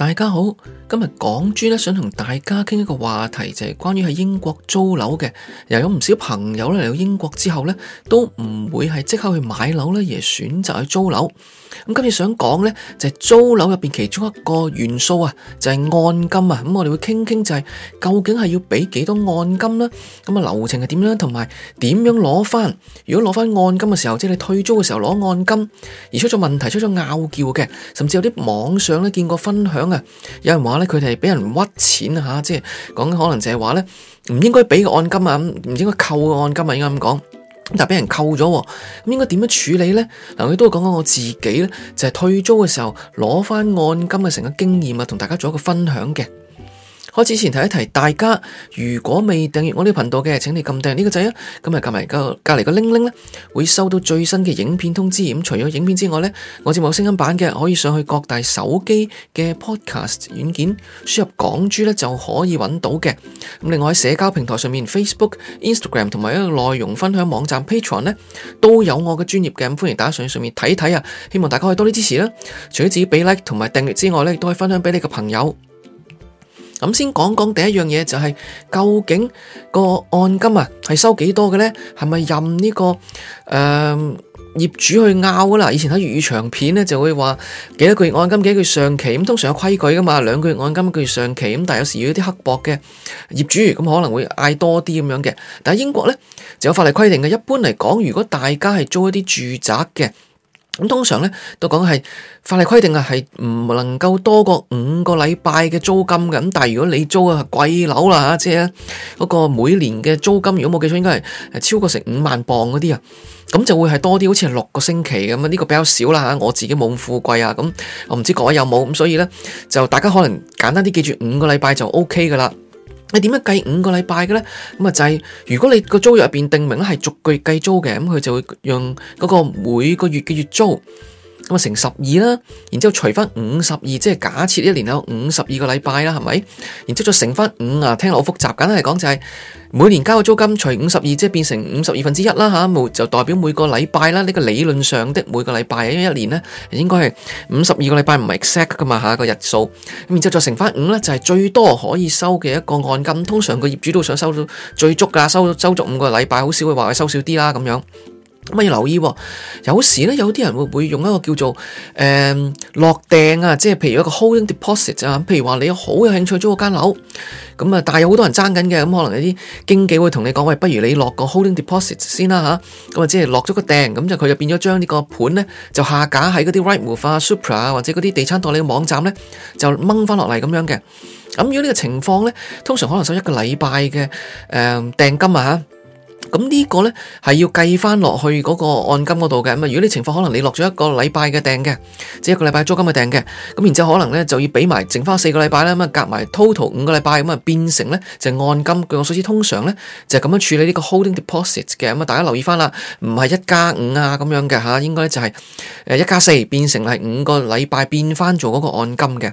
大家好。今日港珠咧想同大家傾一個話題，就係關於喺英國租樓嘅，又有唔少朋友咧嚟到英國之後咧，都唔會係即刻去買樓咧，而選擇去租樓。咁今日想講咧，就係租樓入邊其中一個元素啊，就係按金啊。咁我哋會傾一傾就係究竟係要俾幾多按金啦？咁啊流程係點樣？同埋點樣攞翻？如果攞翻按金嘅時候，即係你退租嘅時候攞按金，而出咗問題、出咗拗撬嘅，甚至有啲網上咧見過分享啊，有人話。佢哋俾人屈錢吓，即係講緊可能就係話咧唔應該俾個按金啊，唔應該扣個按金啊，應該咁講，但係俾人扣咗喎，咁應該點樣處理咧？嗱，我亦都講講我自己咧，就係退租嘅時候攞翻按金嘅成個經驗啊，同大家做一個分享嘅。開始前提一提，大家如果未訂閱我呢個頻道嘅，請你撳訂閱呢個掣啊！咁啊，撳埋個隔籬個鈴鈴咧，會收到最新嘅影片通知。咁除咗影片之外咧，我節目有聲音版嘅可以上去各大手機嘅 Podcast 軟件輸入港珠咧就可以揾到嘅。咁另外喺社交平台上面，Facebook、Instagram 同埋一個內容分享網站 Patreon 咧都有我嘅專業嘅，歡迎大家上去上面睇睇啊！希望大家可以多啲支持啦。除咗自己俾 like 同埋訂閱之外咧，都可以分享俾你嘅朋友。咁先講講第一樣嘢，就係、是、究竟個按金啊，係收幾多嘅咧？係咪任呢個誒業主去拗㗎啦？以前喺粵語長片咧，就會話幾多個月按金，幾個月上期，咁通常有規矩噶嘛，兩個月按金，一個月上期，咁但係有時要有啲刻薄嘅業主，咁可能會嗌多啲咁樣嘅。但係英國咧就有法例規定嘅，一般嚟講，如果大家係租一啲住宅嘅。咁通常咧都講係法例規定啊，係唔能夠多過五個禮拜嘅租金嘅。咁但係如果你租嘅係貴樓啦吓，即係嗰個每年嘅租金，如果冇記錯，應該係超過成五萬鎊嗰啲啊，咁就會係多啲，好似係六個星期咁。呢個比較少啦吓，我自己冇咁富貴啊，咁我唔知各位有冇咁，所以咧就大家可能簡單啲記住五個禮拜就 OK 噶啦你點樣計五個禮拜嘅咧？咁啊就係、是、如果你租個租約入邊定明咧係逐個月計租嘅，咁佢就會用嗰個每個月嘅月租。咁啊，乘十二啦，然之後除翻五十二，即係假設一年有五十二個禮拜啦，係咪？然之後再乘翻五啊，聽落好複雜。簡單嚟講就係每年交嘅租金除五十二，即係變成五十二分之一啦，吓，就代表每個禮拜啦。呢個理論上的每個禮拜，因為一年呢，應該係五十二個禮拜，唔係 exact 噶嘛，吓個日數。咁然之後再乘翻五呢，就係最多可以收嘅一個按金。通常個業主都想收到最足噶，收足五個禮拜，好少會話佢收少啲啦，咁樣。乜啊要留意喎，有時咧有啲人會唔會用一個叫做誒、嗯、落訂啊，即係譬如一個 holding deposit 啊，譬如話你好有興趣租個間樓，咁啊，但係有好多人爭緊嘅，咁可能有啲經紀會同你講，喂，不如你落個 holding deposit 先啦吓，咁、嗯、啊即係落咗個訂，咁就佢就變咗將呢個盤咧就下架喺嗰啲 Right Move 啊、Supra 啊，啊或者嗰啲地產代理嘅網站咧就掹翻落嚟咁樣嘅。咁、嗯、如果呢個情況咧，通常可能收一個禮拜嘅誒訂金啊咁呢個呢，係要計翻落去嗰個按金嗰度嘅。咁啊，如果你情況可能你落咗一個禮拜嘅訂嘅，即係一個禮拜租金嘅訂嘅，咁然之後可能呢就要畀埋剩翻四個禮拜啦，咁啊夾埋 total 五個禮拜咁啊變成呢，就係按金。據我所知，通常呢，就係咁樣處理呢個 holding deposit 嘅。咁啊大家留意翻啦，唔係一加五啊咁樣嘅吓，應該就係誒一加四變成係五個禮拜變翻做嗰個按金嘅。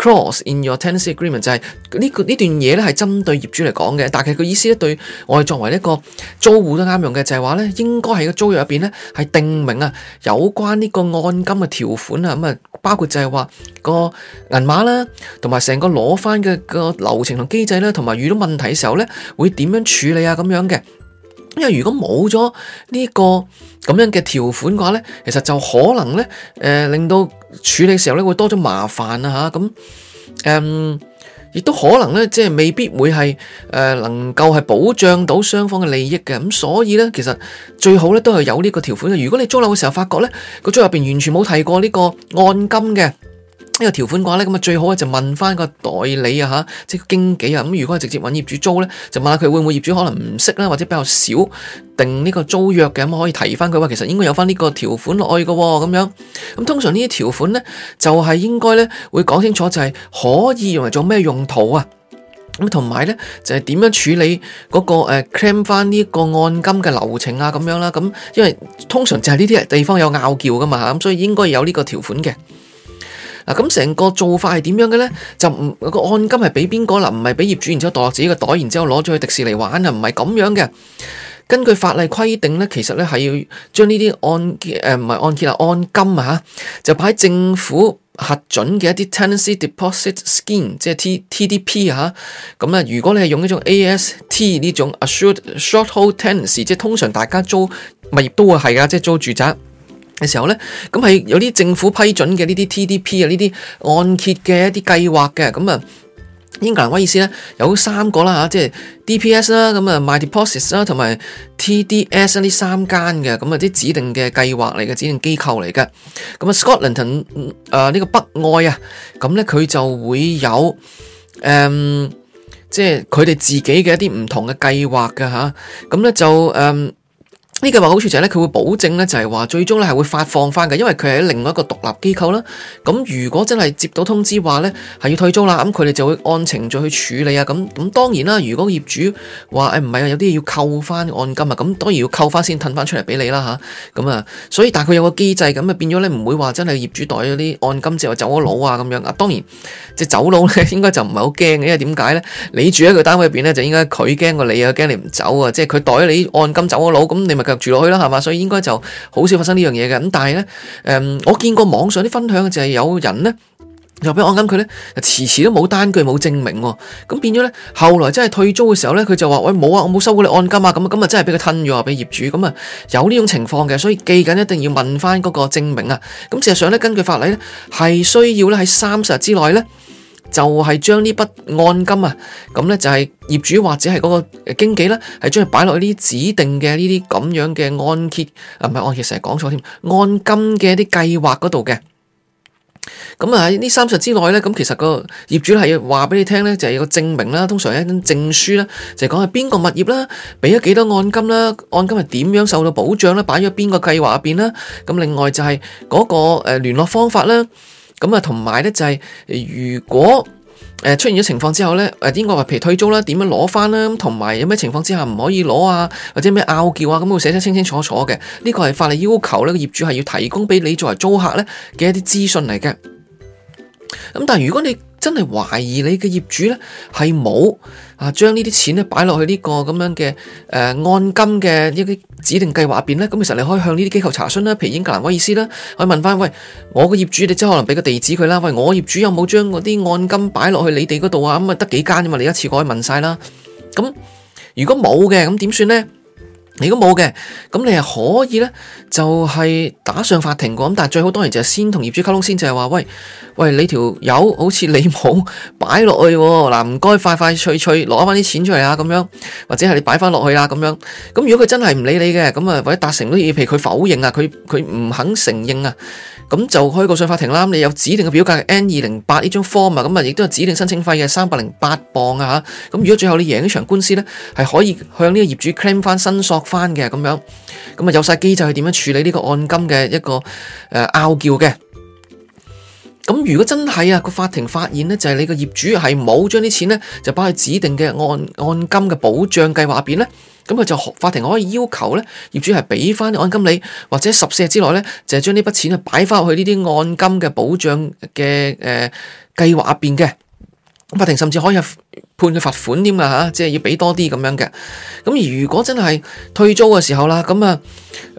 Cross in your tenancy agreement 就係呢呢段嘢咧，係針對業主嚟講嘅，但係佢個意思咧，對我哋作為一個租戶都啱用嘅，就係話咧，應該喺個租約入邊咧，係定明啊有關呢個按金嘅條款啊，咁啊包括就係話個銀碼啦，同埋成個攞翻嘅個流程同機制啦，同埋遇到問題嘅時候咧，會點樣處理啊咁樣嘅。因為如果冇咗呢個咁樣嘅條款嘅話咧，其實就可能咧誒、呃、令到。處理時候咧，會多咗麻煩啊吓咁，誒，亦、嗯、都可能咧即係未必會係誒、呃、能夠係保障到雙方嘅利益嘅，咁，所以咧其實最好咧都係有呢個條款嘅。如果你租樓嘅時候發覺咧個租入邊完全冇提過呢個按金嘅呢個條款嘅話咧，咁啊最好咧就問翻個代理啊嚇，即係經紀啊。咁如果係直接揾業主租咧，就問下佢會唔會，業主可能唔識啦，或者比較少定呢個租約嘅，咁可以提翻佢話其實應該有翻呢個條款落去嘅咁樣。咁通常呢啲條款咧就係應該咧會講清楚，就係可以用嚟做咩用途啊？咁同埋咧就係點樣處理嗰個誒 claim 翻呢個按金嘅流程啊？咁樣啦，咁因為通常就係呢啲地方有拗撬㗎嘛，咁所以應該有呢個條款嘅。咁成個做法係點樣嘅呢？就唔個按金係俾邊個啦？唔係俾業主，然之後袋落自己個袋，然之後攞咗去迪士尼玩啊？唔係咁樣嘅。根據法例規定呢，其實呢係要將呢啲按誒唔係按揭啊，按金啊，就擺喺政府核准嘅一啲 tenancy deposit scheme，即係 T T D P 吓，咁咧，如果你係用呢種 A S T 呢種 assured short hold tenancy，即係通常大家租咪亦都會係噶，即係租住宅。嘅時候咧，咁係有啲政府批准嘅呢啲 TDP 啊，呢啲按揭嘅一啲計劃嘅，咁啊英格蘭威爾斯咧有三個啦，即係 DPS 啦，咁啊 my deposit 啦，同埋 TDS 呢三間嘅，咁啊啲指定嘅計劃嚟嘅指定機構嚟嘅，咁啊 Scotland 啊呢個北愛啊，咁咧佢就會有誒，即係佢哋自己嘅一啲唔同嘅計劃㗎。吓，咁咧就誒。呢句話好處就係咧，佢會保證咧，就係話最終咧係會發放翻嘅，因為佢係另外一個獨立機構啦。咁如果真係接到通知話咧，係要退租啦，咁佢哋就會按程序去處理啊。咁咁當然啦，如果業主話誒唔係啊，有啲要扣翻按金啊，咁當然要扣翻先褪翻出嚟俾你啦吓。咁啊，所以但係佢有個機制咁啊，就變咗咧唔會話真係業主袋咗啲按金之後走咗佬啊咁樣。啊當然，只走佬咧應該就唔係好驚嘅，因為點解咧？你住喺佢單位入邊咧，就應該佢驚過你啊，驚你唔走啊，即係佢袋咗你按金走咗佬，咁你咪住落去啦，係嘛？所以應該就好少發生呢樣嘢嘅。咁但係呢，誒、嗯，我見過網上啲分享嘅就係有人呢，又俾按金佢咧，遲遲都冇單據冇證明，哦，咁變咗呢，後來真係退租嘅時候呢，佢就話喂，冇啊，我冇收過你按金啊，咁啊，咁啊，真係俾佢吞咗啊，俾業主咁啊，這有呢種情況嘅，所以記緊一定要問翻嗰個證明啊。咁事實上呢，根據法例呢，係需要呢喺三十日之內呢。就係將呢筆按金啊，咁呢就係業主或者係嗰個經紀啦，係將佢擺落啲指定嘅呢啲咁樣嘅按揭，唔係按揭，成日講錯添，按金嘅啲計劃嗰度嘅。咁啊，喺呢三日之內呢，咁其實個業主係要話俾你聽呢，就係個證明啦，通常有一張證書啦，就係講係邊個物業啦，俾咗幾多按金啦，按金係點樣受到保障啦，擺咗邊個計劃入邊啦。咁另外就係嗰個誒聯絡方法啦。咁啊、就是，同埋咧就係如果誒出現咗情況之後咧，誒點解話譬如退租啦？點樣攞翻啦？同埋有咩情況之下唔可以攞啊？或者咩拗撬啊？咁會寫得清清楚楚嘅。呢個係法律要求咧，個業主係要提供俾你作為租客咧嘅一啲資訊嚟嘅。咁但係如果你，真係懷疑你嘅業主咧係冇啊，將呢啲錢咧擺落去呢個咁樣嘅誒按金嘅一啲指定計劃入邊咧，咁其實你可以向呢啲機構查詢啦，譬如英格蘭威爾斯啦，可以問翻喂，我個業主你即係可能俾個地址佢啦，喂，我業主有冇將嗰啲按金擺落去你哋嗰度啊？咁啊得幾間嘛，你一次過可以問晒啦。咁如果冇嘅，咁點算咧？果你都冇嘅，咁你係可以咧，就係、是、打上法庭，咁但係最好當然就係先同業主溝通先，就係話喂，喂你條友好似你冇擺落去嗱，唔該快快脆脆攞翻啲錢出嚟啊，咁樣或者係你擺翻落去啊，咁樣，咁如果佢真係唔理你嘅，咁啊或者達成都以譬如佢否認啊，佢佢唔肯承認啊。咁就開個上法庭啦，你有指定嘅表格 N 二零八呢張 form 啊，咁啊亦都有指定申請費嘅三百零八磅啊吓，咁如果最後你贏呢場官司呢，係可以向呢個業主 claim 翻申索翻嘅咁樣，咁啊有晒機制去點樣處理呢個按金嘅一個誒、呃、拗撬嘅，咁如果真係啊個法庭發現呢，就係你個業主係冇將啲錢呢，就擺喺指定嘅按按金嘅保障計劃入邊呢。咁佢就法庭可以要求咧，業主係俾翻啲按金你，或者十四日之內咧，就係將呢筆錢啊擺翻去呢啲按金嘅保障嘅誒計劃入邊嘅。法庭甚至可以判佢罰款添噶吓，即係要俾多啲咁樣嘅。咁而如果真係退租嘅時候啦，咁啊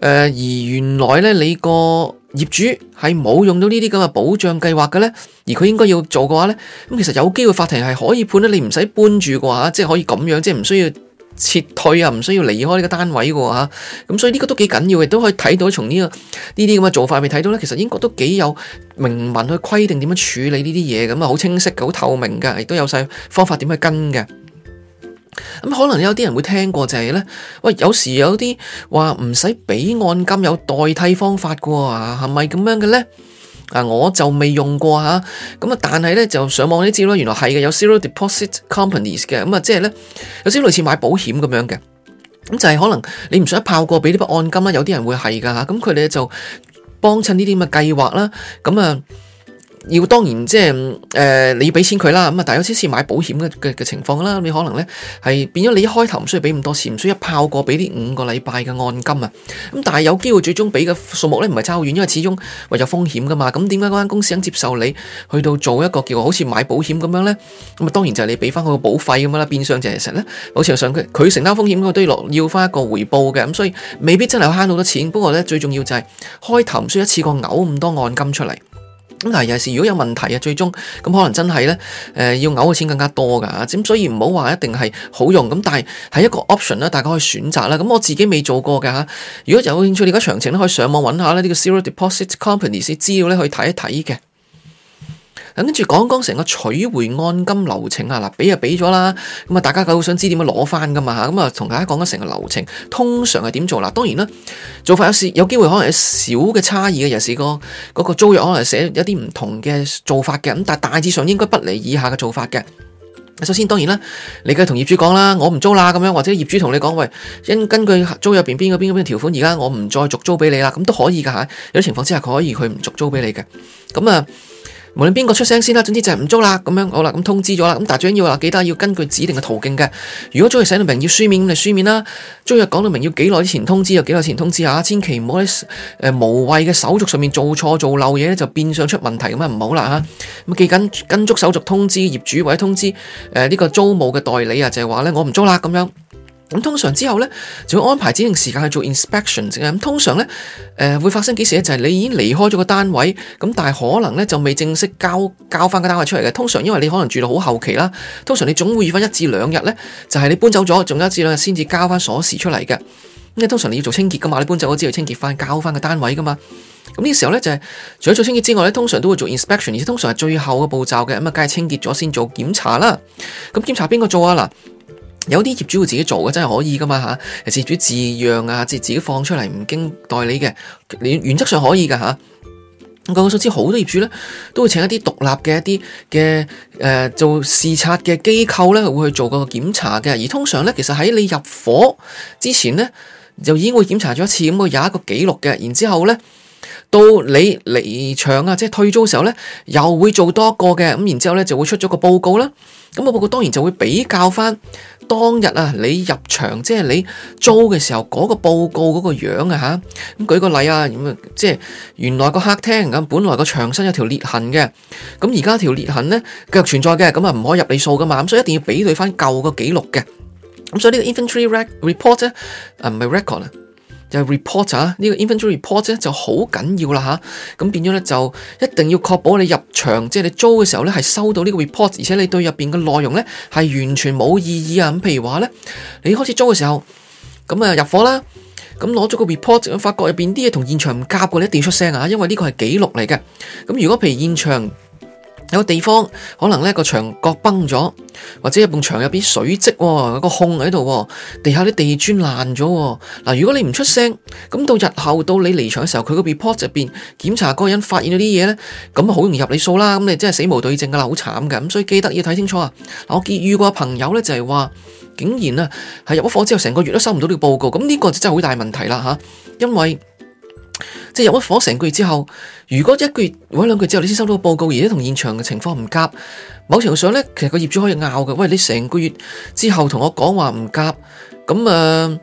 誒而原來咧你個業主係冇用到呢啲咁嘅保障計劃嘅咧，而佢應該要做嘅話咧，咁其實有機會法庭係可以判咧，你唔使搬住嘅話，即係可以咁樣，即係唔需要。撤退啊，唔需要離開呢個單位嘅喎吓，咁所以呢個都幾緊要嘅，都可以睇到從呢個呢啲咁嘅做法，咪睇到呢，其實英國都幾有明文去規定點樣處理呢啲嘢，咁啊好清晰，好透明嘅，亦都有晒方法點去跟嘅。咁可能有啲人會聽過就係呢：「喂，有時有啲話唔使俾按金有代替方法嘅喎，係咪咁樣嘅呢？啊！我就未用過嚇咁啊，但係咧就上網呢知咯，原來係嘅有 Zero Deposit Companies 嘅咁啊，即係咧有少少類似買保險咁樣嘅，咁就係、是、可能你唔想一炮過俾呢筆按金啦，有啲人會係㗎嚇，咁佢哋就幫襯呢啲咁嘅計劃啦咁啊。要當然即係誒、呃，你要畀錢佢啦，咁啊，但係有少少買保險嘅嘅情況啦，你可能咧係變咗你一開頭唔需要畀咁多錢，唔需要一炮過畀啲五個禮拜嘅按金啊，咁但係有機會最終畀嘅數目咧唔係差好遠，因為始終有風險噶嘛。咁點解嗰間公司肯接受你去到做一個叫好似買保險咁樣咧？咁啊，當然就係你畀翻佢個保費咁啦，變相就其實咧，好似話想佢佢承擔風險嗰個都要落要翻一個回報嘅，咁所以未必真係慳到好多錢。不過咧，最重要就係、是、開頭唔需要一次過嘔咁多按金出嚟。咁嗱，有時如果有問題啊，最終咁可能真係咧、呃，要嘔嘅錢更加多噶。咁、啊、所以唔好話一定係好用咁，但係係一個 option 啦，大家可以選擇啦。咁、啊、我自己未做過㗎、啊。如果有興趣，你而家詳情咧可以上網揾下咧呢、這個 zero deposit companies 資料咧去睇一睇嘅。跟住講講成個取回按金流程啊！嗱，俾就俾咗啦，咁啊大家梗係好想知點樣攞翻噶嘛，咁啊同大家講緊成個流程，通常係點做啦？當然啦，做法有時有機會可能有少嘅差異嘅，尤其是個租約可能寫一啲唔同嘅做法嘅，咁但大致上應該不離以下嘅做法嘅。首先當然啦，你梗係同業主講啦，我唔租啦咁樣，或者業主同你講喂，因根據租約入邊邊個邊個邊條款，而家我唔再續租俾你啦，咁都可以噶嚇。有啲情況之下，佢可以佢唔續租俾你嘅，咁啊。無論邊個出聲先啦，總之就係唔租啦咁樣，好啦，咁通知咗啦，咁但係最緊要啊，記得要根據指定嘅途徑嘅。如果租約寫到明要書面，咁就書面啦；租約講到明要幾耐前通知，就幾耐前通知啊。千祈唔好喺無謂嘅手續上面做錯做漏嘢，就變相出問題咁啊，唔好啦咁啊，記緊跟足手續通知業主或者通知呢、呃這個租務嘅代理呀，就係話呢：「我唔租啦」咁樣。咁通常之後呢，就會安排指定時間去做 inspection 嘅。咁通常呢，誒、呃、會發生幾時呢？就係、是、你已經離開咗個單位，咁但係可能呢，就未正式交交翻個單位出嚟嘅。通常因為你可能住到好後期啦，通常你總會要翻一至兩日呢，就係、是、你搬走咗，仲有一至兩日先至交翻鎖匙出嚟嘅。因為通常你要做清潔噶嘛？你搬走咗之後清潔翻，交翻個單位噶嘛？咁呢時候呢，就係、是、除咗做清潔之外呢，通常都會做 inspection，而且通常係最後嘅步驟嘅。咁啊，梗係清潔咗先做檢查啦。咁檢查邊個做啊？嗱？有啲業主會自己做嘅，真係可以㗎嘛吓！其實業主自讓啊，即係自己放出嚟唔經代理嘅，原則上可以㗎吓。咁據我所知，好多業主呢都會請一啲獨立嘅一啲嘅誒做視察嘅機構呢會去做個檢查嘅。而通常呢，其實喺你入伙之前呢，就已經會檢查咗一次，咁會有一個記錄嘅。然之後呢，到你離場啊，即係退租時候呢，又會做多個嘅。咁然之後呢，就會出咗個報告啦。咁個報告當然就會比較翻。當日啊，你入場即係、就是、你租嘅時候嗰個報告嗰個樣啊嚇，咁舉個例啊，咁即係原來個客廳咁，本來個牆身有條裂痕嘅，咁而家條裂痕咧繼續存在嘅，咁啊唔可以入你數噶嘛，咁所以一定要比對翻舊個記錄嘅，咁所以呢個 Inventory Report 啊唔係 Record。就是、report 啊，呢個 inventory report 咧就好緊要啦吓，咁變咗咧就一定要確保你入場，即、就、係、是、你租嘅時候咧係收到呢個 report，而且你對入邊嘅內容咧係完全冇異議啊。咁譬如話咧，你開始租嘅時候，咁啊入伙啦，咁攞咗個 report，發覺入邊啲嘢同現場唔夾嘅咧，你一定要出聲啊，因為呢個係記錄嚟嘅。咁如果譬如現場，有個地方可能呢個牆角崩咗，或者有一埲牆入邊水漬有個空喺度，地下啲地磚爛咗嗱。如果你唔出聲，咁到日後到你離場嘅時候，佢個 report 入邊檢查個人發現咗啲嘢咧，咁啊好容易入你數啦。咁你真係死無對證噶啦，好慘㗎。咁所以記得要睇清楚啊。嗱，我結遇過朋友咧，就係話竟然啊係入咗貨之後，成個月都收唔到呢個報告，咁呢個就真係好大問題啦吓，因為，即係入咗伙成個月之後，如果一個月或者兩個月之後你先收到個報告，而且同現場嘅情況唔夾，某程度上咧，其實個業主可以拗嘅。喂，你成個月之後同我講話唔夾，咁誒、呃，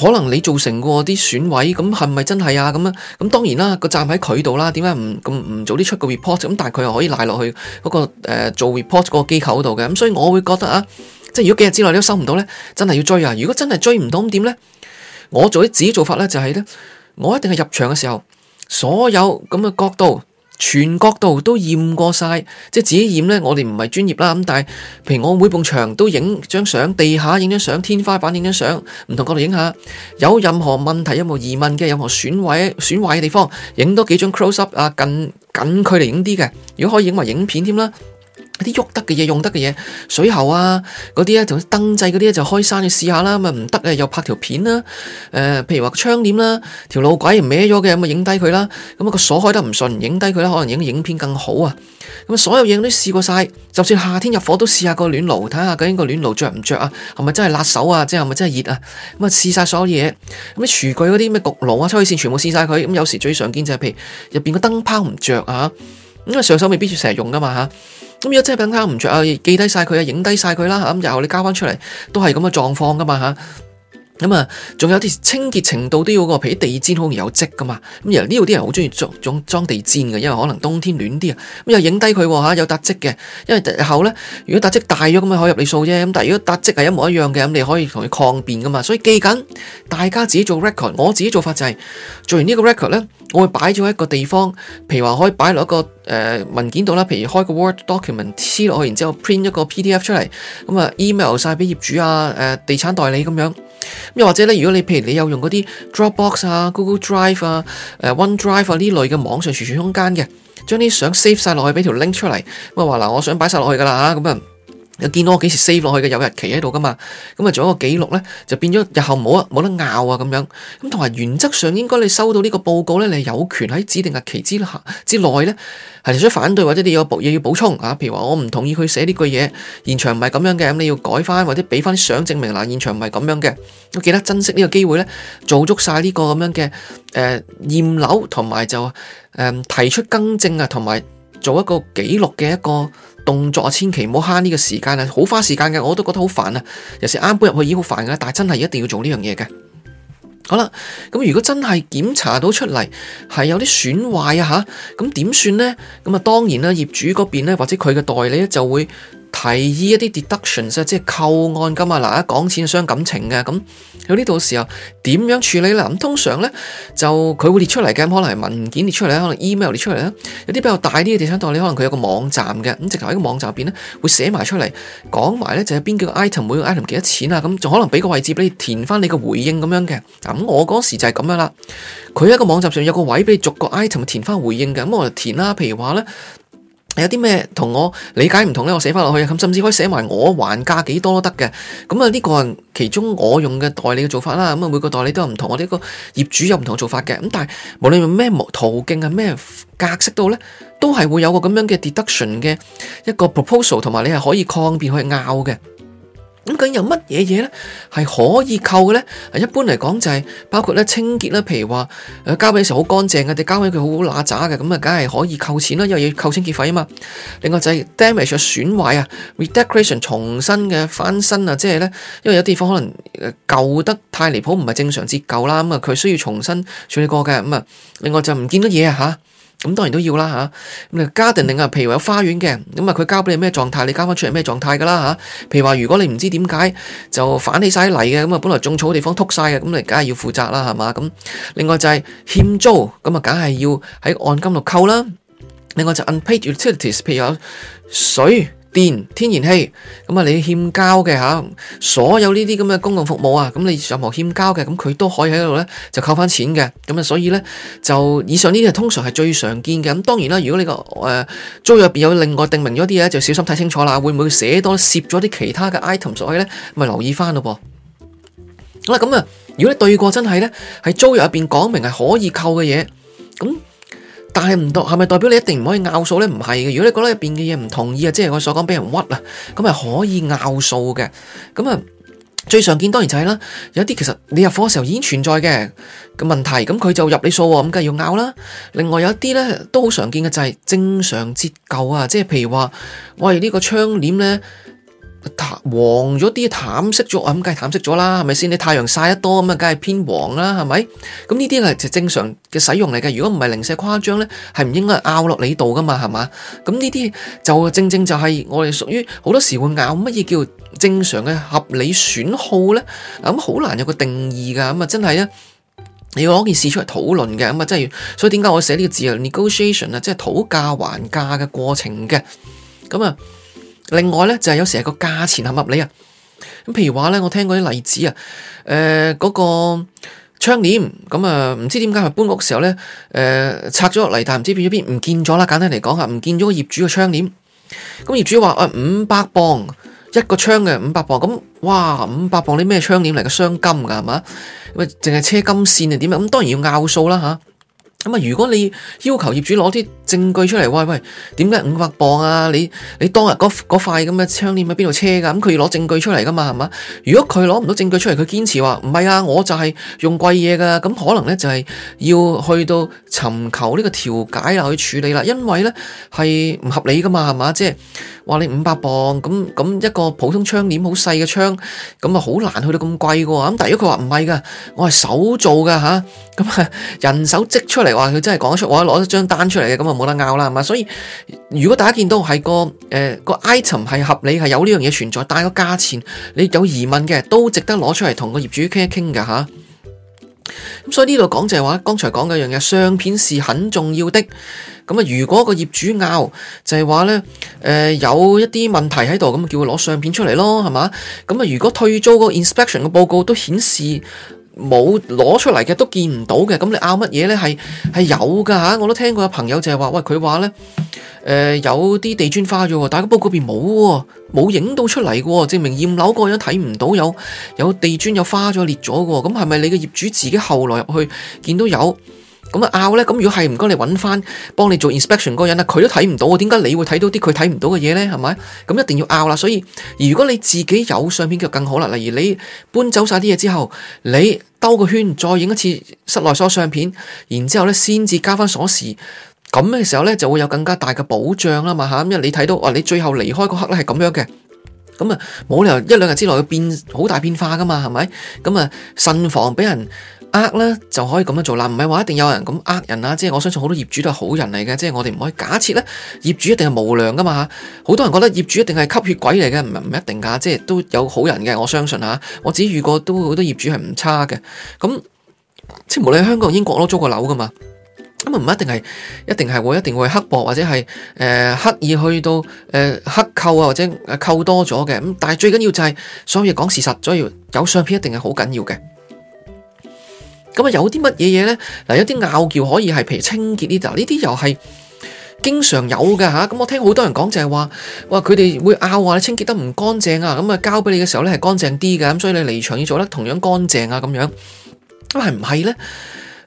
可能你造成過啲損毀，咁係咪真係啊？咁啊，咁當然啦，個站喺佢度啦。點解唔咁唔早啲出個 report？咁但係佢又可以賴落去嗰、那個誒、呃、做 report 嗰個機構度嘅。咁所以我會覺得啊，即係如果幾日之內你都收唔到咧，真係要追啊！如果真係追唔到咁點咧？我做啲自己做法咧就係咧。我一定係入場嘅時候，所有咁嘅角度，全角度都驗過晒。即係自己驗咧，我哋唔係專業啦。咁但係，譬如我每埲牆都影張相，地下影張相，天花板影張相，唔同角度影下。有任何問題，有冇疑問嘅，任何損毀損壞嘅地方，影多幾張 close up 啊，近近距離影啲嘅。如果可以影埋影片添啦。啲喐得嘅嘢，用得嘅嘢，水喉啊，嗰啲啊，同燈掣嗰啲就開山去試下啦。咁啊，唔得啊，又拍條片啦。誒、呃，譬如話、個窗簾啦，條路軌歪咗嘅，咁啊，影低佢啦。咁啊，個鎖開得唔順，影低佢啦。可能影影片更好啊。咁所有嘢都試過晒。就算夏天入伙都試下個暖爐，睇下究竟個暖爐着唔着啊？係咪真係辣手啊？即係係咪真係熱啊？咁啊，試晒所有嘢。咁啲廚具嗰啲咩焗爐啊、抽氣扇，全部試晒佢。咁有時最常見就係、是，譬如入邊個燈泡唔着啊。咁啊，上手未必住成日用噶嘛，咁如果真係等間唔著啊，記低曬佢啊，影低曬佢啦嚇，然後你交翻出嚟都係咁嘅狀況噶嘛。咁、嗯、啊，仲有啲清潔程度都要個，譬如地氈好容易有漬噶嘛。咁而家呢度啲人好中意裝裝地氈嘅，因為可能冬天暖啲、嗯、啊。咁又影低佢吓，有笪漬嘅。因為日後呢，如果笪漬大咗咁咪可以入你數啫。咁但係如果笪漬係一模一樣嘅，咁你可以同佢抗辯噶嘛。所以記緊，大家自己做 record。我自己做法就係、是、做完呢個 record 呢，我會擺咗一個地方，譬如話可以擺落一個誒、呃、文件度啦。譬如開個 Word document 黐落去，然之後 print 一個 PDF 出嚟，咁、嗯、啊 email 晒俾業主啊，誒、呃、地產代理咁樣。咁又或者呢，如果你譬如你有用嗰啲 Dropbox 啊、Google Drive 啊、uh, OneDrive 啊呢類嘅網上儲存空間嘅，將啲相 save 晒落去，俾條 link 出嚟，咁啊話嗱，我想擺晒落去噶啦吓，咁啊～又見到我幾時 save 落去嘅有日期喺度噶嘛？咁啊做一個記錄咧，就變咗日後冇啊冇得拗啊咁樣。咁同埋原則上應該你收到呢個報告咧，你係有權喺指定日期之下之內咧，係提出反對或者你有嘢要補充啊。譬如話我唔同意佢寫呢句嘢，現場唔係咁樣嘅，咁你要改翻或者俾翻啲相證明嗱、啊、現場唔係咁樣嘅。都記得珍惜呢個機會咧，做足晒呢個咁樣嘅誒、呃、驗樓同埋就誒、呃、提出更正啊，同埋做一個記錄嘅一個動作啊，千祈唔好慳呢個時間啊，好花時間嘅，我都覺得好煩啊。有時啱搬入去已經好煩嘅，但係真係一定要做呢樣嘢嘅。好啦，咁如果真係檢查到出嚟係有啲損壞啊吓，咁點算呢？咁啊，當然啦，業主嗰邊呢，或者佢嘅代理咧就會。.提議一啲 deductions 即係扣案金啊，嗱，一講錢傷感情嘅，咁有呢度時候點樣處理啦？咁通常呢，就佢會列出嚟嘅，咁可能係文件列出嚟可能 email 列出嚟啦，有啲比較大啲嘅地產代理，可能佢有個網站嘅，咁直頭喺個網站入邊呢，會寫埋出嚟，講埋呢就係邊幾個 item，每個 item 幾多錢啊？咁仲可能俾個位置俾你填翻你個回應咁樣嘅。咁我嗰時就係咁樣啦，佢喺個網站上有個位俾你逐個 item 填翻回，回應嘅，咁我就填啦。譬如話呢。有啲咩同我理解唔同咧？我寫翻落去，咁甚至可以寫埋我還價幾多都得嘅。咁啊，呢個係其中我用嘅代理嘅做法啦，咁啊每個代理都有唔同，我哋呢個業主有唔同嘅做法嘅。咁但係無論用咩途徑，咩格式都好咧，都係會有個咁樣嘅 deduction 嘅一個 proposal，同埋你係可以抗辯去拗嘅。咁究竟有乜嘢嘢咧，係可以扣嘅咧？一般嚟講就係包括咧，清潔啦，譬如話交俾嘅時候好乾淨嘅，你交俾佢好乸渣嘅，咁啊梗係可以扣錢啦，因為要扣清潔費啊嘛。另外就係 damage 損壞啊，redecoration 重新嘅翻新啊，即係咧，因為有地方可能舊得太離譜，唔係正常折舊啦，咁啊佢需要重新處理過嘅。咁啊，另外就唔見到嘢啊咁當然都要啦嚇，咁啊 gardening 啊，譬如話有花園嘅，咁啊佢交俾你咩狀態，你交翻出嚟咩狀態噶啦嚇。譬如話如果你唔知點解就反起晒泥嘅，咁、嗯、啊本來種草嘅地方禿晒嘅，咁你梗係要負責啦，係嘛？咁另外就係欠租，咁啊梗係要喺按金度扣啦。另外就，就，另外就 unpaid utilities，譬如話水。電、天然氣，咁啊，你欠交嘅吓，所有呢啲咁嘅公共服務啊，咁你任何欠交嘅，咁佢都可以喺度咧就扣翻錢嘅，咁啊，所以咧就以上呢啲係通常係最常見嘅，咁當然啦，如果你個誒、呃、租入入邊有另外定明咗啲嘢，就小心睇清楚啦，會唔會寫多攝咗啲其他嘅 item 上去咧，咪留意翻咯噃。好啦，咁啊，如果你對過真係咧，喺租約入邊講明係可以扣嘅嘢，咁。但係唔代，係咪代表你一定唔可以拗數咧？唔係嘅，如果你覺得入邊嘅嘢唔同意啊，即係我所講俾人屈啊，咁係可以拗數嘅。咁啊，最常見當然就係、是、啦，有一啲其實你入貨嘅時候已經存在嘅嘅問題，咁佢就入你數，咁梗係要拗啦。另外有一啲咧都好常見嘅就係正常折舊啊，即係譬如話，喂呢、這個窗簾咧。黃咗啲，淡色咗，咁梗係淡色咗啦，係咪先？你太陽曬得多咁啊，梗係偏黃啦，係咪？咁呢啲呢，就正常嘅使用嚟嘅。如果唔係零舍誇張咧，係唔應該拗落你度噶嘛，係嘛？咁呢啲就正正就係我哋屬於好多時會拗乜嘢叫正常嘅合理損耗咧，咁好難有個定義噶，咁啊真係咧，你要攞件事出嚟討論嘅，咁啊真係，所以點解我寫呢個字啊？Negotiation 啊，即係討價還價嘅過程嘅，咁啊。另外咧就係、是、有時係個價錢合唔合理啊，咁譬如話咧，我聽過啲例子啊，誒、呃、嗰、那個窗簾咁啊，唔知點解係搬屋時候咧，誒、呃、拆咗落嚟，但係唔知變咗邊唔見咗啦，簡單嚟講吓，唔見咗個業主嘅窗簾，咁、嗯、業主話啊，五百磅一個窗嘅五百磅，咁、嗯、哇五百磅啲咩窗簾嚟嘅雙金噶係嘛，咪淨係車金線啊點啊，咁、嗯、當然要拗數啦吓。嗯咁啊，如果你要求業主攞啲證據出嚟，喂喂，點解五百磅啊？你你當日嗰嗰塊咁嘅窗簾喺邊度車噶？咁佢要攞證據出嚟噶嘛？係嘛？如果佢攞唔到證據出嚟，佢堅持話唔係啊，我就係用貴嘢噶。咁可能咧就係要去到尋求呢個調解啦去處理啦，因為咧係唔合理噶嘛，係嘛？即係話你五百磅咁咁一個普通窗簾好細嘅窗，咁啊好難去到咁貴喎。咁但如果佢話唔係噶，我係手做噶吓，咁啊人手織出嚟。話佢真係講出，我攞咗張單出嚟嘅，咁啊冇得拗啦，係嘛？所以如果大家見到係個誒、呃、個 item 係合理，係有呢樣嘢存在，但係個價錢你有疑問嘅，都值得攞出嚟同個業主傾一傾嘅吓。咁、啊、所以呢度講就係、是、話，剛才講嘅樣嘢，相片是很重要的。咁啊，如果個業主拗就係、是、話呢誒、呃、有一啲問題喺度，咁啊叫佢攞相片出嚟咯，係嘛？咁啊，如果退租個 inspection 嘅報告都顯示。冇攞出嚟嘅都見唔到嘅，咁你拗乜嘢咧？係係有噶嚇，我都聽過有朋友就係話，喂佢話咧，誒、呃、有啲地磚花咗，但係不過嗰邊冇喎，冇影到出嚟嘅，證明驗樓嗰個人睇唔到有有地磚有花咗裂咗喎。咁係咪你嘅業主自己後來入去見到有？咁啊拗咧！咁如果係唔該，你搵翻幫你做 inspection 嗰個人佢都睇唔到，點解你會睇到啲佢睇唔到嘅嘢呢？係咪？咁一定要拗啦！所以，而如果你自己有相片就更好啦。例如你搬走晒啲嘢之後，你兜個圈再影一次室內所有相片，然之後咧先至加翻鎖匙。咁嘅時候呢，就會有更加大嘅保障啦嘛吓，因為你睇到啊，你最後離開嗰刻咧係咁樣嘅，咁啊冇理由一兩日之內變好大變化噶嘛，係咪？咁啊慎防俾人。呃啦，就可以咁樣做啦，唔係話一定有人咁呃人啦，即係我相信好多業主都係好人嚟嘅。即係我哋唔可以假設咧業主一定係無良噶嘛，好多人覺得業主一定係吸血鬼嚟嘅，唔係唔一定噶，即係都有好人嘅，我相信吓，我自己遇過都好多業主係唔差嘅，咁即係無論香港、英國都租過樓噶嘛，咁啊唔一定係一定係會一定會刻薄或者係誒、呃、刻意去到誒刻、呃、扣啊或者扣多咗嘅，咁但係最緊要就係所有嘢講事實，所以有相片一定係好緊要嘅。咁有啲乜嘢嘢呢？嗱，有啲拗撬可以係譬如清潔呢度，呢啲又係經常有嘅吓。咁我聽好多人講就係話，哇，佢哋會拗話你清潔得唔乾淨啊。咁啊，交俾你嘅時候呢係乾淨啲嘅，咁所以你離場要做得同樣乾淨啊，咁樣咁係唔係呢？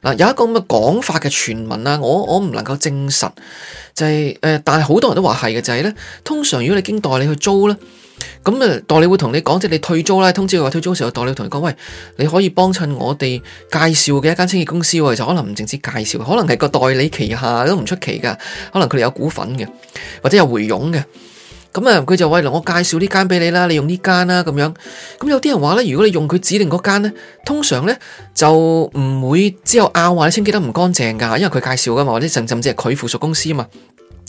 嗱，有一個咁嘅講法嘅傳聞啊，我我唔能夠證實，就係、是、誒，但係好多人都話係嘅，就係呢：通常如果你經代理去租呢。咁啊，代理會同你講，即係你退租啦，通知佢話退租時候，代理同佢講，喂，你可以幫襯我哋介紹嘅一間清潔公司，就可能唔淨止介紹，可能係個代理旗下都唔出奇噶，可能佢哋有股份嘅，或者有回佣嘅。咁啊，佢就話，我介紹呢間俾你啦，你用呢間啦，咁樣。咁有啲人話咧，如果你用佢指定嗰間咧，通常咧就唔會之後拗話你清潔得唔乾淨噶，因為佢介紹噶嘛，或者甚甚至係佢附屬公司啊嘛。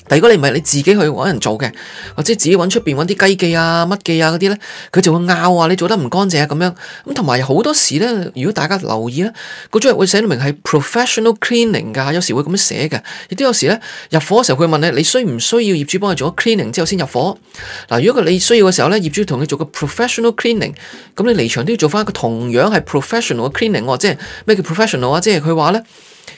第二，如果你唔係你自己去揾人做嘅，或者自己揾出面揾啲雞記啊、乜記啊嗰啲呢，佢就會拗啊，你做得唔乾淨啊咁樣。咁同埋好多時呢，如果大家留意呢，個租約會寫明係 professional cleaning 㗎，有時會咁樣寫嘅。亦都有時呢，入伙嘅時候佢問你，你需唔需要業主幫你做咗 cleaning 之後先入伙。嗱，如果你需要嘅時候呢，業主要同你做個 professional cleaning，咁你離場都要做翻一個同樣係 professional cleaning，或者咩叫 professional 啊？即係佢話呢。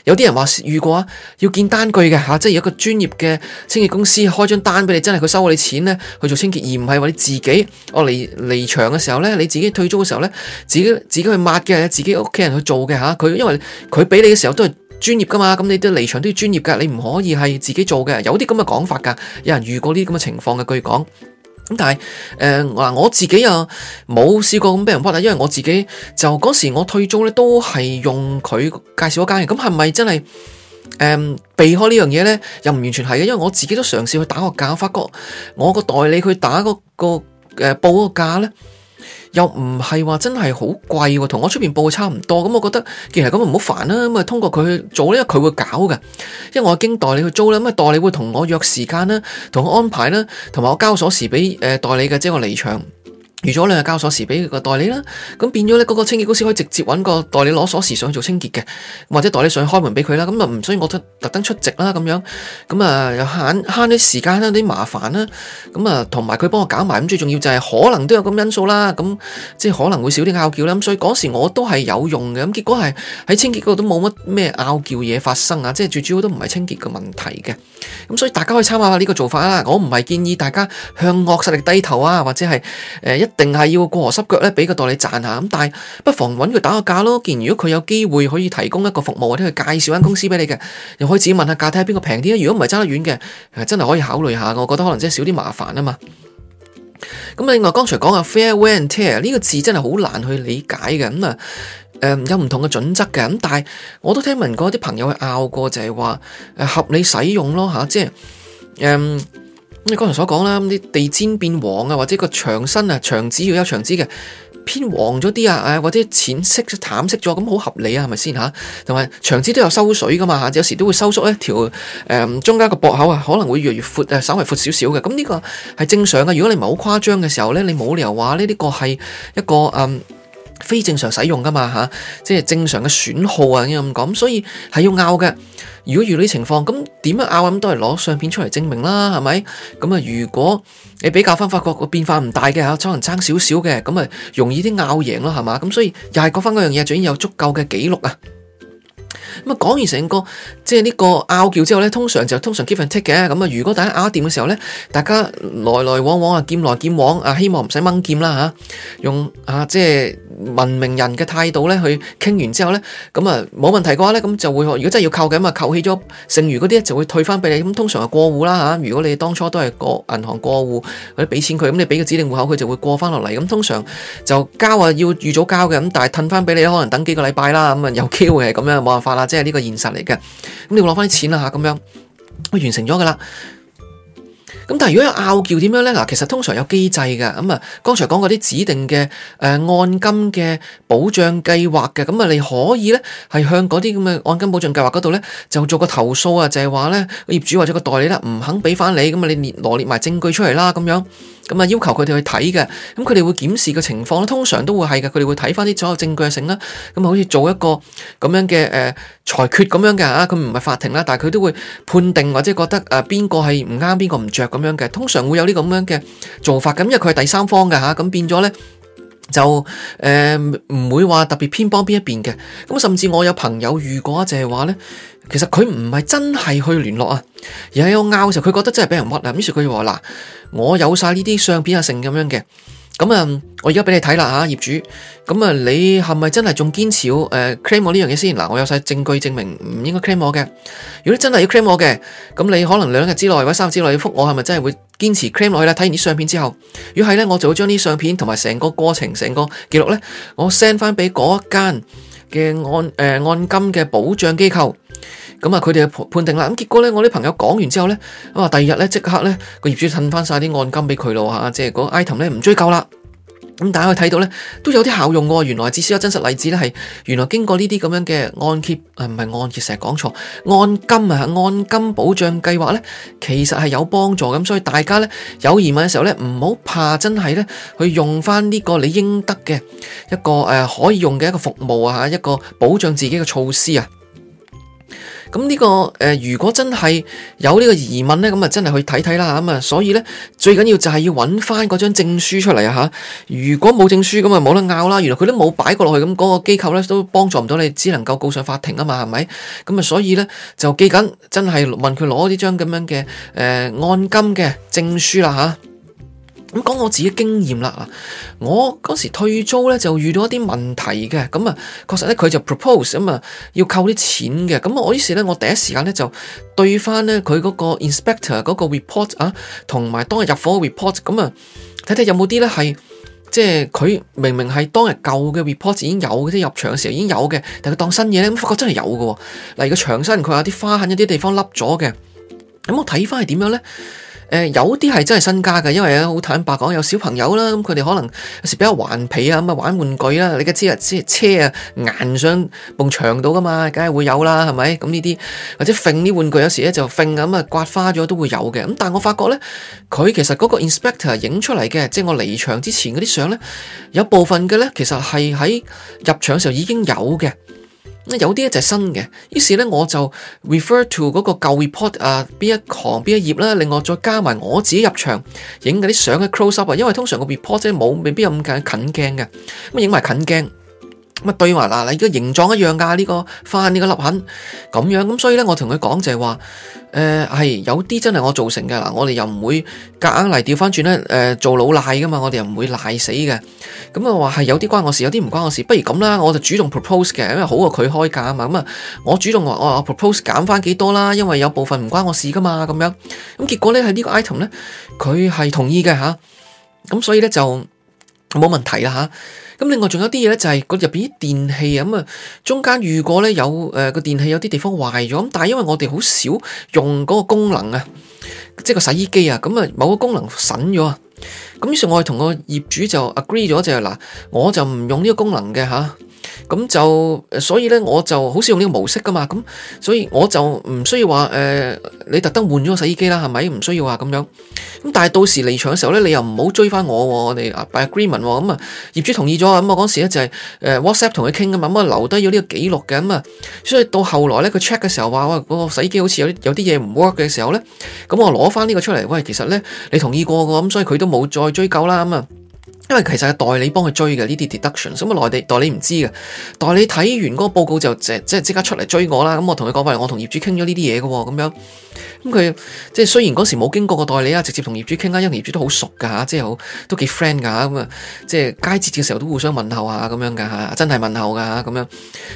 有啲人話遇過啊，要見單據嘅吓，即係有一個專業嘅清潔公司開張單俾你，真係佢收你錢咧去做清潔，而唔係話你自己離，我離離場嘅時候咧，你自己退租嘅時候咧，自己自己去抹嘅，自己屋企人去做嘅吓，佢因為佢俾你嘅時候都係專業噶嘛，咁你都離場都要專業噶，你唔可以係自己做嘅，有啲咁嘅講法噶，有人遇過呢啲咁嘅情況嘅，據講。咁但係誒嗱，我自己啊冇試過咁俾人屈啊，因為我自己就嗰時我退租咧都係用佢介紹嗰間嘅，咁係咪真係誒、呃、避開呢樣嘢咧？又唔完全係嘅，因為我自己都嘗試去打個價，發覺我個代理去打嗰、嗰個誒、呃、報個價咧。又唔係話真係好貴喎，同我出面報差唔多，咁我覺得既然係咁就唔好煩啦，咁啊通過佢去做咧，佢會搞嘅，因為我經代理去租啦，咁啊代理會同我約時間啦，同我安排啦，同埋我交鎖匙俾誒代理嘅即係我離場。預咗兩日交鎖匙俾個代理啦，咁變咗呢嗰個清潔公司可以直接揾個代理攞鎖匙上去做清潔嘅，或者代理上去開門俾佢啦。咁啊唔需要我特登出席啦咁樣，咁啊又慳啲時間啦，慳啲麻煩啦，咁啊同埋佢幫我搞埋。咁最重要就係可能都有咁因素啦，咁即係可能會少啲拗撬啦。咁所以嗰時我都係有用嘅，咁結果係喺清潔嗰度都冇乜咩拗撬嘢發生啊，即係最主要都唔係清潔嘅問題嘅。咁所以大家可以參考下呢個做法啦。我唔係建議大家向惡勢力低頭啊，或者係誒一。呃一定係要過河濕腳呢，俾個代理賺下咁，但係不妨揾佢打個價咯。既然如果佢有機會可以提供一個服務，或者佢介紹間公司俾你嘅，又可以自己問下價，睇下邊個平啲。如果唔係爭得遠嘅，真係可以考慮下。我覺得可能真係少啲麻煩啊嘛。咁另外剛才講嘅 fair wear and tear 呢個字真係好難去理解嘅。咁、嗯、啊有唔同嘅準則嘅。咁但係我都聽聞過啲朋友去拗過，就係、是、話合理使用咯吓，即係你剛才所講啦，啲地氈變黃啊，或者個牆身啊、牆紙要有牆紙嘅偏黃咗啲啊，唉，或者淺色、淡色咗，咁好合理啊，係咪先吓？同埋牆紙都有收水噶嘛，有時都會收縮一條，誒、嗯，中間個駁口啊，可能會越嚟越闊啊，稍微闊少少嘅，咁呢個係正常嘅。如果你唔係好誇張嘅時候咧，你冇理由話呢啲個係一個嗯。非正常使用噶嘛嚇，即係正常嘅損耗啊咁講，所以係要拗嘅。如果遇到啲情況，咁點樣拗，咁都係攞相片出嚟證明啦，係咪？咁啊，如果你比較翻發覺個變化唔大嘅嚇，可能爭少少嘅，咁啊容易啲拗贏咯，係嘛？咁所以又係講翻嗰樣嘢，仲要有足夠嘅記錄啊！咁啊，講完成個即係呢個拗撬之後咧，通常就通常 give and take 嘅。咁啊，如果大家拗掂嘅時候咧，大家來來往往啊，劍來劍往啊，希望唔使掹劍啦嚇，用啊即係文明人嘅態度咧去傾完之後咧，咁啊冇問題嘅話咧，咁就會如果真係要扣嘅咁啊，扣起咗剩餘嗰啲咧就會退翻俾你。咁通常係過戶啦嚇，如果你當初都係過銀行過戶或者俾錢佢，咁你俾個指定戶口佢就會過翻落嚟。咁通常就交啊要預早交嘅，咁但係褪翻俾你，可能等幾個禮拜啦，咁啊有機會係咁樣冇辦法啦。即係呢個現實嚟嘅，咁你會攞翻啲錢啦吓，咁樣，完成咗噶啦。咁但係如果有拗撬點樣呢？嗱，其實通常有機制噶，咁啊，剛才講過嗰啲指定嘅誒按金嘅保障計劃嘅，咁啊你可以呢，係向嗰啲咁嘅按金保障計劃嗰度呢，就做個投訴啊，就係話咧業主或者個代理啦唔肯俾翻你，咁啊你列羅列埋證據出嚟啦，咁樣。咁啊，要求佢哋去睇嘅，咁佢哋會檢視嘅情況，通常都會係嘅，佢哋會睇翻啲所有證據性啦，咁好似做一個咁樣嘅誒、呃、裁決咁樣嘅，佢唔係法庭啦，但係佢都會判定或者覺得誒邊個係唔啱，邊個唔着咁樣嘅，通常會有呢咁樣嘅做法咁，因為佢係第三方嘅吓，咁變咗咧。就誒唔、呃、會話特別偏幫邊一邊嘅，咁甚至我有朋友遇過一隻係話咧，其實佢唔係真係去聯絡啊，而係我拗嘅時候，佢覺得真係俾人屈啊，於是佢就話嗱，我有晒呢啲相片啊，成咁樣嘅。咁啊，我而家俾你睇啦吓，業主，咁啊，你係咪真係仲堅持要 claim 我呢樣嘢先？嗱，我有晒證據證明唔應該 claim 我嘅。如果你真係要 claim 我嘅，咁你可能兩日之內或者三日之內要覆我，係咪真係會堅持 claim 落去咧？睇完啲相片之後，如果係咧，我就會將啲相片同埋成個過程、成個記錄咧，我 send 翻俾嗰間嘅按呃按金嘅保障機構，咁啊佢哋就判定啦，咁結果呢，我啲朋友講完之後呢，第二日呢，即刻呢，個業主退返晒啲按金俾佢咯啊，即係個 item 呢，唔追究啦。咁大家可以睇到呢都有啲效用喎。原來至少有真實例子呢係原來經過呢啲咁樣嘅按揭，啊唔係按揭，成日講錯，按金啊，按金保障計劃呢，其實係有幫助咁。所以大家呢有疑問嘅時候呢，唔好怕，真係呢去用返呢個你應得嘅一個誒可以用嘅一個服務啊，一個保障自己嘅措施啊。咁呢、這個誒、呃，如果真係有呢個疑問咧，咁啊真係去睇睇啦吓。咁啊，所以咧最緊要就係要揾翻嗰張證書出嚟吓、啊。如果冇證書，咁啊冇得拗啦。原來佢都冇擺過落去，咁、那、嗰個機構咧都幫助唔到你，只能夠告上法庭啊嘛，係咪？咁啊，所以咧就記緊，真係問佢攞呢張咁樣嘅誒按金嘅證書啦吓。啊咁講我自己經驗啦，我嗰時退租咧就遇到一啲問題嘅，咁啊確實咧佢就 propose 咁啊要扣啲錢嘅，咁我於是咧我第一時間咧就對翻咧佢嗰個 inspector 嗰個 report 啊，同埋當日入伙嘅 report，咁啊睇睇有冇啲咧係即係佢明明係當日舊嘅 report 已經有，即係入場嘅時候已經有嘅，但係佢當新嘢咧，咁我發覺真係有㗎，例如個牆身佢有啲花痕，有啲地方凹咗嘅，咁我睇翻係點樣咧？誒、呃、有啲係真係新加嘅，因為好坦白講，有小朋友啦，咁佢哋可能有時比較頑皮啊，咁啊玩玩具啦，你家知啊，即係車啊，硬上埲牆度噶嘛，梗係會有啦，係咪？咁呢啲或者揈啲玩具有時咧就揈咁啊，刮花咗都會有嘅。咁但係我發覺咧，佢其實嗰個 inspector 影出嚟嘅，即、就、係、是、我離場之前嗰啲相咧，有部分嘅咧其實係喺入場嘅時候已經有嘅。有啲咧就係新嘅，於是呢，我就 refer to 嗰個舊 report 啊，邊一行邊一頁啦，另外再加埋我自己入場影嗰啲相嘅 close up 啊，因為通常個 report 即係冇未必有咁近近鏡嘅，咁影埋近鏡。咁對對話嗱，你、這個形狀一樣噶，呢、這個翻呢、這個粒痕咁樣，咁所以咧，我同佢講就係、是、話，係、呃、有啲真係我造成嘅嗱，我哋又唔會夾硬嚟調翻轉咧，做老賴噶嘛，我哋又唔會賴死嘅。咁啊話係有啲關我事，有啲唔關我事，不如咁啦，我就主動 propose 嘅，因為好過佢開價啊嘛。咁、嗯、啊，我主動話我說 propose 減翻幾多啦，因為有部分唔關我事噶嘛，咁樣。咁、嗯、結果咧係呢個 item 咧，佢係同意嘅吓。咁、啊嗯、所以咧就。冇問題啦吓，咁另外仲有啲嘢咧，就係個入邊啲電器啊，咁啊中間如果咧有誒個電器有啲地方壞咗，咁但係因為我哋好少用嗰個功能啊，即係個洗衣機啊，咁啊某個功能省咗啊，咁於是我哋同個業主就 agree 咗就係嗱，我就唔用呢個功能嘅吓。咁就，所以咧我就好少用呢個模式噶嘛，咁所以我就唔需要話，誒、呃、你特登換咗個洗衣機啦，係咪？唔需要啊咁樣。咁但係到時離場嘅時候咧，你又唔好追翻我、哦，我哋啊，by agreement，咁、哦、啊、嗯、業主同意咗啊，咁、嗯、我嗰時咧就係，誒 WhatsApp 同佢傾噶嘛，咁、嗯、啊留低咗呢個記錄嘅，咁、嗯、啊，所以到後來咧佢 check 嘅時候話，哇、呃、嗰、那個洗衣機好似有啲有啲嘢唔 work 嘅時候咧，咁、嗯、我攞翻呢個出嚟，喂，其實咧你同意過喎。咁所以佢都冇再追究啦，咁、嗯、啊。因為其實係代理幫佢追嘅呢啲 deductions，咁啊內地代理唔知嘅，代理睇完嗰個報告就即即即刻出嚟追我啦。咁、嗯、我同佢講話，我同業主傾咗呢啲嘢嘅咁樣。咁佢即係雖然嗰時冇經過個代理啊，直接同業主傾啦，因為業主都好熟㗎，即係好都幾 friend 㗎咁啊，即係佳節嘅時候都互相問候下咁樣㗎嚇，真係問候㗎咁樣。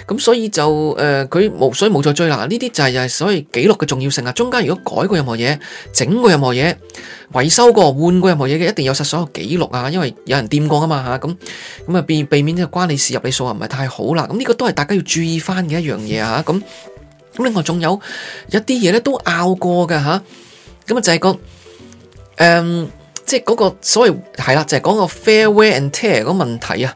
咁所以就誒佢冇，所以冇再追啦。呢啲就係所謂記錄嘅重要性啊。中間如果改過任何嘢，整過任何嘢維修過、換過任何嘢嘅，一定要有晒所有記錄啊，因為有掂過啊嘛吓，咁咁啊，避避免，即係關你事入你數啊，唔係太好啦。咁呢個都係大家要注意翻嘅一樣嘢吓，咁咁另外仲有一啲嘢咧都拗過嘅吓，咁啊就係個誒，即係嗰個所謂係啦，就係講個 fair wear and tear 個問題啊。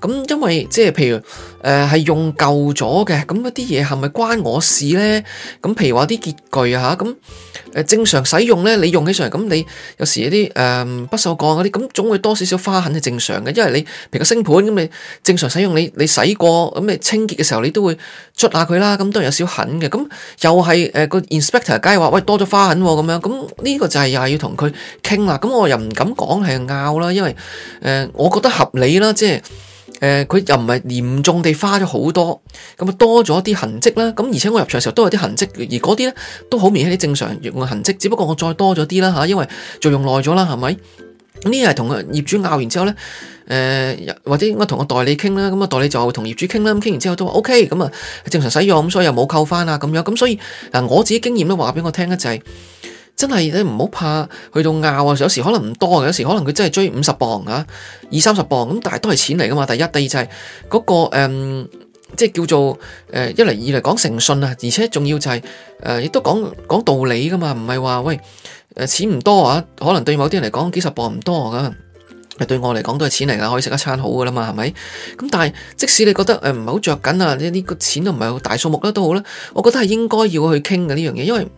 咁因為即係譬如。誒、呃、係用舊咗嘅，咁啲嘢係咪關我事呢？咁譬如話啲潔具啊，咁正常使用呢，你用起上嚟，咁你有時啲誒、呃、不鏽鋼嗰啲，咁總會多少少花痕係正常嘅，因為你譬如個星盤咁，你正常使用，你你洗過咁你清潔嘅時候，你都會捽下佢啦，咁都有少痕嘅。咁又係誒個 inspector 梗係話喂多咗花痕咁、啊、樣，咁呢個就係又係要同佢傾啦。咁我又唔敢講係拗啦，因為誒、呃、我覺得合理啦，即係。誒、呃，佢又唔係嚴重地花咗好多，咁啊多咗啲痕跡啦，咁而且我入場嘅時候都有啲痕跡，而嗰啲咧都好明顯係正常用嘅痕跡，只不過我再多咗啲啦吓，因為再用耐咗啦，係咪？呢啲係同個業主拗完之後咧，誒、呃、或者應該同個代理傾啦，咁啊代理就同業主傾啦，咁傾完之後都話 OK，咁啊正常使用咁，所以又冇扣翻啊咁樣，咁所以嗱我自己經驗都話俾我聽就係真係你唔好怕，去到拗啊！有時可能唔多嘅，有時可能佢真係追五十磅啊，二三十磅咁，但係都係錢嚟噶嘛。第一、第二就係嗰個誒，即係叫做誒一嚟二嚟講誠信啊，而且仲要就係誒，亦都講講道理噶嘛，唔係話喂錢唔多啊，可能對某啲人嚟講幾十磅唔多噶，係對我嚟講都係錢嚟噶，可以食一餐好噶啦嘛，係咪？咁但係即使你覺得唔係好着緊啊，呢啲個錢都唔係好大數目啦，都好啦，我覺得係應該要去傾嘅呢樣嘢，因為。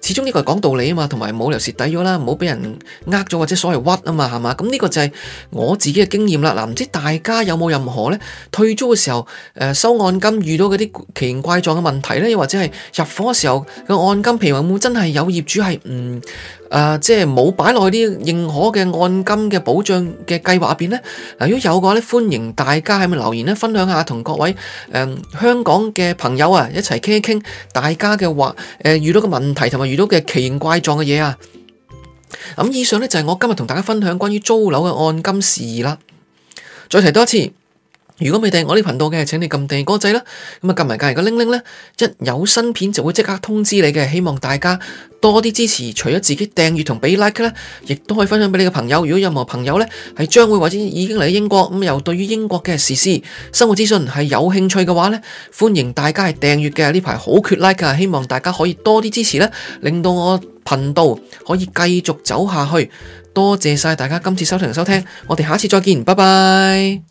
始終呢個係講道理啊嘛，同埋冇理由蝕底咗啦，唔好俾人呃咗或者所謂屈啊嘛，係嘛？咁、這、呢個就係我自己嘅經驗啦。嗱，唔知大家有冇任何呢？退租嘅時候誒收按金遇到嗰啲奇形怪狀嘅問題呢？又或者係入伙嘅時候嘅按金，譬如話有冇真係有業主係嗯誒、呃、即係冇擺落去啲認可嘅按金嘅保障嘅計劃入邊呢？嗱，如果有嘅話呢，歡迎大家喺度留言呢，分享下同各位誒、呃、香港嘅朋友啊一齊傾一傾大家嘅話誒遇到嘅問題。同埋遇到嘅奇形怪狀嘅嘢啊！咁以上呢，就係我今日同大家分享關於租樓嘅按金事宜啦。再提多一次。如果未訂我呢頻道嘅，請你撳訂歌仔啦。咁啊，撳埋隔籬個鈴鈴呢，一有新片就會即刻通知你嘅。希望大家多啲支持，除咗自己訂閱同俾 like 呢，亦都可以分享俾你嘅朋友。如果任何朋友呢，係將會或者已經嚟英國，咁又對於英國嘅時事、生活資訊係有興趣嘅話呢，歡迎大家係訂閱嘅呢排好缺 like，希望大家可以多啲支持呢，令到我頻道可以繼續走下去。多謝晒大家今次收聽收聽，我哋下次再見，拜拜。